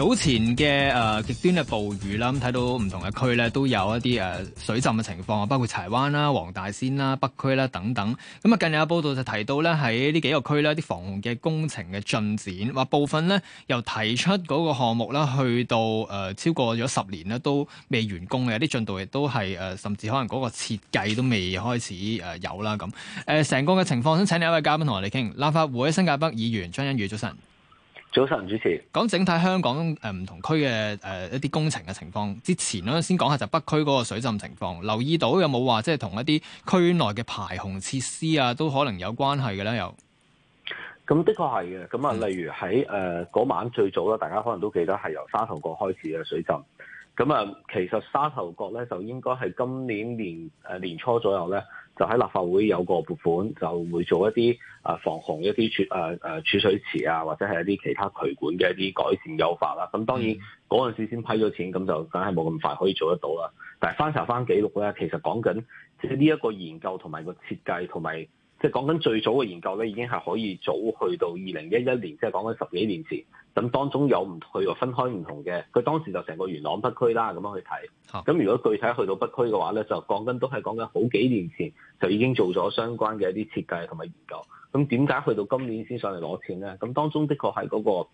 早前嘅誒極端嘅暴雨啦，咁睇到唔同嘅區咧都有一啲誒、呃、水浸嘅情況啊，包括柴灣啦、黃大仙啦、北區啦等等。咁啊，近日有報道就提到咧喺呢幾個區呢啲防洪嘅工程嘅進展，話部分呢由提出嗰個項目啦，去到誒、呃、超過咗十年咧都未完工嘅，有啲進度亦都係誒甚至可能嗰個設計都未開始誒有啦咁。誒成、呃、個嘅情況，想請你一位嘉賓同我哋傾，立法會新界北議員張欣宇，早晨。早晨，主持講整體香港誒唔同區嘅誒一啲工程嘅情況之前咧，先講下就北區嗰個水浸情況，留意到有冇話即係同一啲區內嘅排洪設施啊，都可能有關係嘅咧？又咁的確係嘅，咁啊，嗯、例如喺誒嗰晚最早咧，大家可能都記得係由沙頭角開始嘅水浸，咁啊，其實沙頭角咧就應該係今年年誒、呃、年初左右咧。就喺立法會有個撥款，就會做一啲啊、呃、防洪一啲儲啊啊儲水池啊，或者係一啲其他渠管嘅一啲改善優化啦。咁當然嗰陣、嗯、時先批咗錢，咁就梗係冇咁快可以做得到啦。但係翻查翻記錄咧，其實講緊即係呢一個研究同埋個設計同埋。即係講緊最早嘅研究咧，已經係可以早去到二零一一年，即係講緊十幾年前。咁當中有唔去，話分開唔同嘅，佢當時就成個元朗北區啦咁樣去睇。咁、啊、如果具體去到北區嘅話咧，就講緊都係講緊好幾年前就已經做咗相關嘅一啲設計同埋研究。咁點解去到今年先上嚟攞錢咧？咁當中的確係嗰、嗰個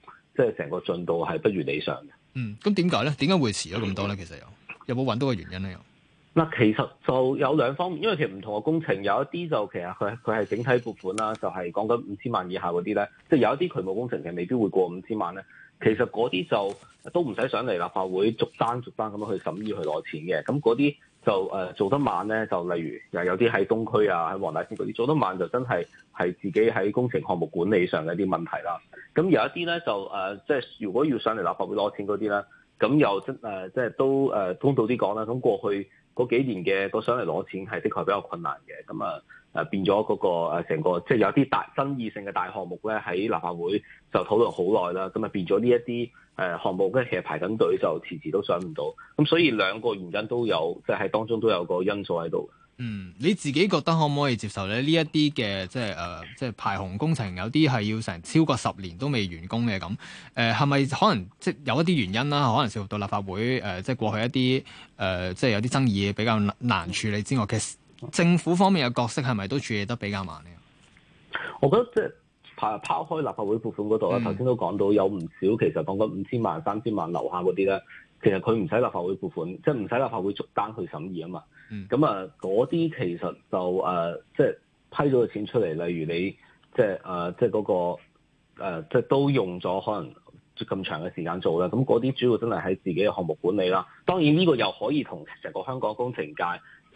即係成個進度係不如理想嘅。嗯，咁點解咧？點解會遲咗咁多咧？其實有有冇搵到個原因咧？嗱，其實就有兩方面，因為其實唔同嘅工程，有一啲就其實佢佢係整體撥款啦，就係講緊五千萬以下嗰啲咧，即、就、係、是、有一啲渠務工程其實未必會過五千萬咧。其實嗰啲就都唔使上嚟立法會逐單逐單咁樣去審議去攞錢嘅。咁嗰啲就誒、呃、做得慢咧，就例如又有啲喺東區啊、喺黃大仙嗰啲做得慢，就真係係自己喺工程項目管理上嘅一啲問題啦。咁有一啲咧就誒、呃，即係如果要上嚟立法會攞錢嗰啲咧，咁又真、呃、即係都誒、呃、公道啲講啦，咁過去，嗰幾年嘅個上嚟攞錢係的確比較困難嘅，咁啊誒變咗嗰個成個即係有啲大爭議性嘅大項目咧，喺立法會就討論好耐啦，咁啊變咗呢一啲誒項目，跟其實排緊隊就遲遲都上唔到，咁所以兩個原因都有，即係喺當中都有個因素喺度。嗯，你自己覺得可唔可以接受咧？呢一啲嘅即係誒，即係排洪工程有啲係要成超過十年都未完工嘅咁。誒係咪可能即係有一啲原因啦？可能涉及到立法會誒、呃，即係過去一啲誒、呃，即係有啲爭議比較難處理之外，嘅政府方面嘅角色係咪都處理得比較慢呢？我覺得即係。拋拋開立法會撥款嗰度啦，頭先、嗯、都講到有唔少其實講緊五千萬、三千萬樓下嗰啲咧，其實佢唔使立法會撥款，即係唔使立法會逐單去審議啊嘛。咁啊、嗯，嗰啲其實就誒、呃，即係批咗個錢出嚟，例如你即係誒，即係、那、嗰個、呃、即係都用咗可能咁長嘅時間做啦。咁嗰啲主要真係喺自己嘅項目管理啦。當然呢個又可以同成個香港工程界。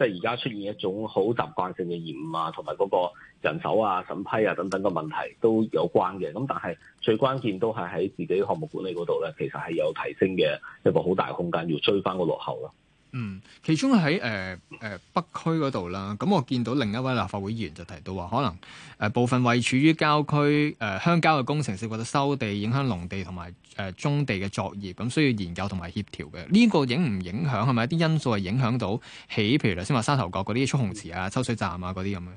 即係而家出現一種好習慣性嘅業務啊，同埋嗰個人手啊、審批啊等等嘅問題都有關嘅。咁但係最關鍵都係喺自己項目管理嗰度咧，其實係有提升嘅一個好大嘅空間，要追翻個落後咯。嗯，其中喺誒誒北區嗰度啦，咁我見到另一位立法會議員就提到話，可能誒、呃、部分位處於郊區誒、呃、鄉郊嘅工程涉或者收地，影響農地同埋誒中地嘅作業，咁需要研究同埋協調嘅。呢、這個影唔影響係咪啲因素係影響到起？譬如頭先話沙頭角嗰啲蓄洪池啊、抽水站啊嗰啲咁嘅？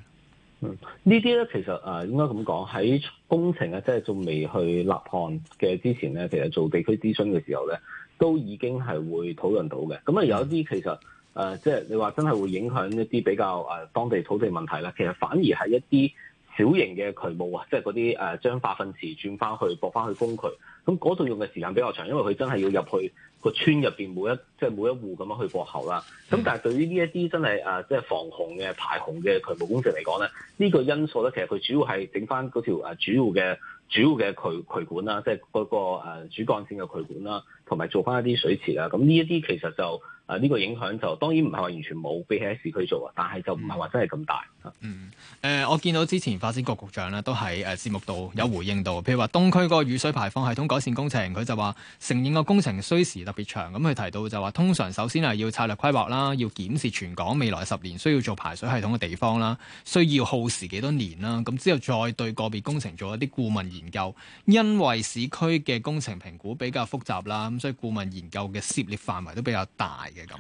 嗯，呢啲咧其實誒、呃、應該咁講，喺工程啊，即係仲未去立項嘅之前咧，其實做地區諮詢嘅時候咧。都已經係會討論到嘅，咁啊有一啲其實誒、呃，即係你話真係會影響一啲比較誒、呃、當地土地問題啦，其實反而係一啲。小型嘅渠務啊，即係嗰啲誒將化糞池轉翻去駁翻去公渠，咁嗰度用嘅時間比較長，因為佢真係要入去個村入邊每一即係每一戶咁樣去駁喉啦。咁但係對於呢一啲真係誒、呃、即係防洪嘅排洪嘅渠務工程嚟講咧，呢、這個因素咧其實佢主要係整翻嗰條主要嘅主要嘅渠渠管啦，即係嗰、那個、呃、主幹線嘅渠管啦，同埋做翻一啲水池啦。咁呢一啲其實就。啊！呢個影響就當然唔係話完全冇，比起喺市區做啊，但係就唔係話真係咁大。嗯。誒，我見到之前發展局局長呢都喺誒節目度有回應到，譬如話東區個雨水排放系統改善工程，佢就話承認個工程需時特別長。咁佢提到就話，通常首先係要策略規劃啦，要檢視全港未來十年需要做排水系統嘅地方啦，需要耗時幾多年啦。咁之後再對個別工程做一啲顧問研究，因為市區嘅工程評估比較複雜啦，咁所以顧問研究嘅涉獵範圍都比較大。嘅咁，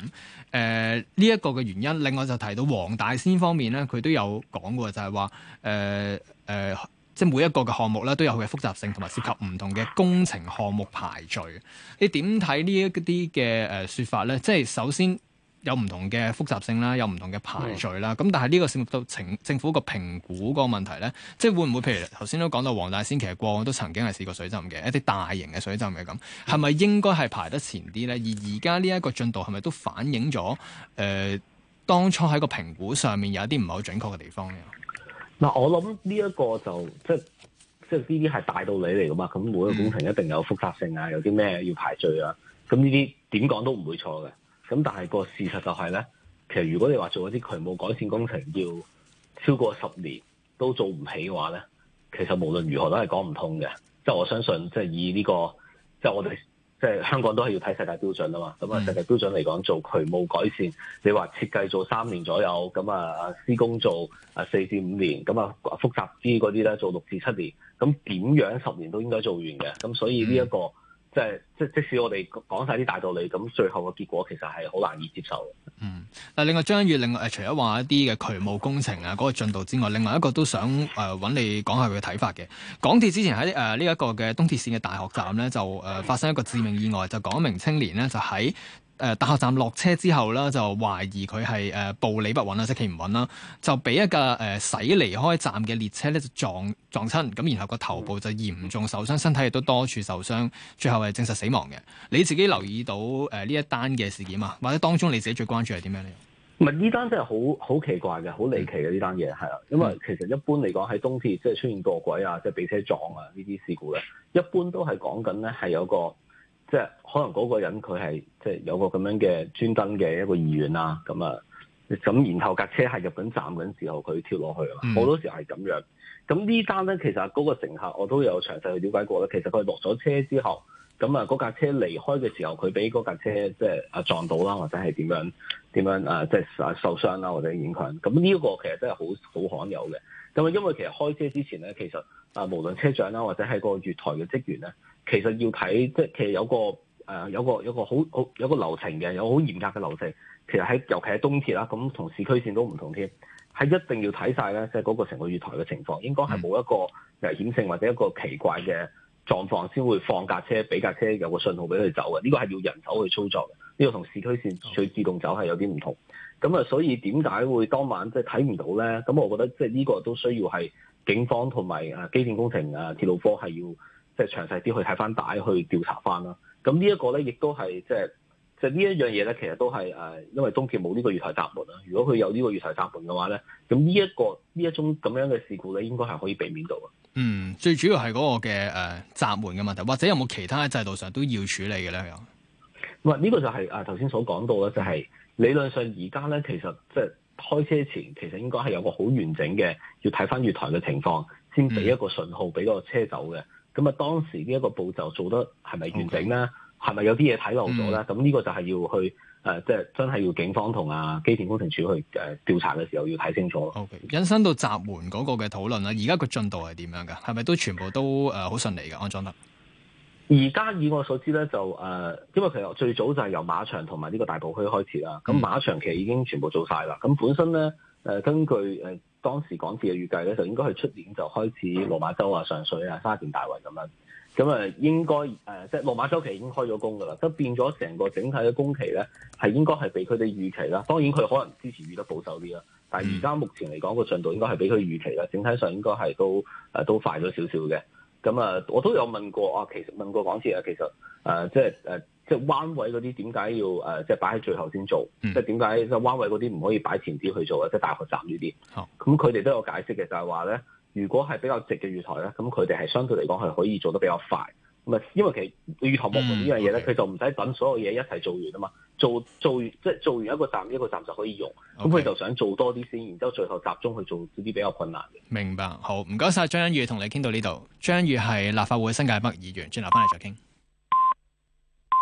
誒呢一個嘅原因，另外就提到黃大仙方面咧，佢都有講過就，就係話，誒、呃、誒，即係每一個嘅項目咧都有佢嘅複雜性，同埋涉及唔同嘅工程項目排序。你點睇呢一啲嘅誒說法咧？即係首先。有唔同嘅複雜性啦，有唔同嘅排序啦，咁、嗯、但係呢個涉到政府個評估個問題呢，即係會唔會譬如頭先都講到黃大仙其實過往都曾經係試過水浸嘅一啲大型嘅水浸嘅，咁，係咪應該係排得前啲呢？而而家呢一個進度係咪都反映咗誒、呃、當初喺個評估上面有一啲唔係好準確嘅地方呢？嗱、嗯，我諗呢一個就即係即係呢啲係大道理嚟噶嘛，咁每個工程一定有複雜性啊，有啲咩要排序啊，咁呢啲點講都唔會錯嘅。咁，但係個事實就係咧，其實如果你話做一啲渠務改善工程要超過十年都做唔起嘅話咧，其實無論如何都係講唔通嘅。即係我相信即、這個，即係以呢個即係我哋即係香港都係要睇世界標準啊嘛。咁、嗯、啊，嗯、世界標準嚟講做渠務改善，你話設計做三年左右，咁啊施工做啊四至五年，咁啊複雜啲嗰啲咧做六至七年，咁點樣十年都應該做完嘅。咁所以呢、這、一個。嗯即係即即使我哋講晒啲大道理，咁最後嘅結果其實係好難以接受嘅。嗯，嗱，另外張宇，另外除咗話一啲嘅渠務工程啊，嗰、那個進度之外，另外一個都想誒揾、呃、你講下佢嘅睇法嘅。港鐵之前喺誒呢一個嘅東鐵線嘅大學站呢，就誒、呃、發生一個致命意外，就講一名青年呢，就喺。誒、呃，大學站落車之後咧，就懷疑佢係誒步履不穩啦，即係企唔穩啦，就俾一架誒駛、呃、離開站嘅列車咧，就撞撞親，咁然後個頭部就嚴重受傷，身體亦都多處受傷，最後係證實死亡嘅。你自己留意到誒呢、呃、一單嘅事件啊，或者當中你自己最關注係點樣咧？唔係呢單真係好好奇怪嘅，好離奇嘅呢單嘢係啊，因為其實一般嚟講喺東鐵即係出現過軌啊，即係俾車撞啊呢啲事故咧，一般都係講緊咧係有個。即係可能嗰個人佢係即係有個咁樣嘅專登嘅一個意願啦，咁啊，咁然後架車係入緊站嗰陣時候佢跳落去啊，好多時候係咁樣。咁呢單咧其實嗰個乘客我都有詳細去了解過啦，其實佢落咗車之後。咁啊，嗰架車離開嘅時候，佢俾嗰架車即係啊撞到啦，或者係點樣點樣啊、呃，即係受傷啦，或者影響。咁呢一個其實真係好好罕有嘅。咁啊，因為其實開車之前咧，其實啊，無論車長啦，或者係個月台嘅職員咧，其實要睇即係其實有個誒、呃、有個有個好好有個流程嘅，有好嚴格嘅流程。其實喺尤其係東鐵啦，咁同市區線都唔同添，係一定要睇晒咧，即係嗰個成個月台嘅情況，應該係冇一個危險性或者一個奇怪嘅狀況先會放架車，俾架車有個信號俾佢走嘅，呢個係要人手去操作嘅，呢個同市區線佢自動走係有啲唔同。咁啊，所以點解會當晚即係睇唔到咧？咁我覺得即係呢、這個都需要係警方同埋誒機電工程啊、鐵路科係要即係詳細啲去睇翻帶去調查翻啦。咁、啊、呢一個咧，亦都係即係。呢一樣嘢咧，其實都係誒，因為東鐵冇呢個月台閘門啊。如果佢有呢個月台閘門嘅話咧，咁呢一個呢一種咁樣嘅事故咧，應該係可以避免到嘅。嗯，最主要係嗰、嗰個嘅誒閘門嘅問題，或者有冇其他制度上都要處理嘅咧？又唔呢個就係誒頭先所講到啦，就係、是、理論上而家咧，其實即係開車前其實應該係有個好完整嘅，要睇翻月台嘅情況，先俾一個信號俾嗰個車走嘅。咁啊、嗯，當時呢一個步驟做得係咪完整咧？Okay. 係咪有啲嘢睇漏咗咧？咁呢、嗯、個就係要去誒、即、呃、係、就是、真係要警方同啊機電工程署去誒、呃、調查嘅時候要睇清楚咯。Okay. 引申到閘門嗰個嘅討論啦，而家個進度係點樣嘅？係咪都全部都誒好、呃、順利嘅安裝得？而家以我所知咧，就誒、呃、因為其實最早就係由馬場同埋呢個大埔墟開始啦。咁、嗯、馬場其實已經全部做晒啦。咁本身咧誒、呃，根據誒當時港鐵嘅預計咧，就應該去出年就開始落、嗯、馬洲啊、上水啊、沙田大圍咁樣。咁啊，應該誒、呃，即係落馬週期已經開咗工噶啦，咁變咗成整個整體嘅工期咧，係應該係比佢哋預期啦。當然佢可能之前預得保守啲啦，但係而家目前嚟講個進、嗯、度應該係比佢預期啦。整體上應該係都誒、呃、都快咗少少嘅。咁啊，我都有問過啊，其實問過港鐵啊，其實誒，即係誒、呃，即係彎位嗰啲點解要誒、呃，即係擺喺最後先做，即係點解即係彎位嗰啲唔可以擺前啲去做啊？即、就、係、是、大學站呢啲。咁佢哋都有解釋嘅，就係話咧。如果係比較直嘅月台咧，咁佢哋係相對嚟講係可以做得比較快。咁啊，因為其實月台冇用呢樣嘢咧，佢、嗯 okay. 就唔使等所有嘢一齊做完啊嘛，做做完即係做完一個站一個站就可以用。咁佢 Okay. 就想做多啲先，然之後最後集中去做啲比較困難嘅。明白，好唔該晒。張欣宇同你傾到呢度。張欣宇係立法會新界北議員，轉頭翻嚟再傾。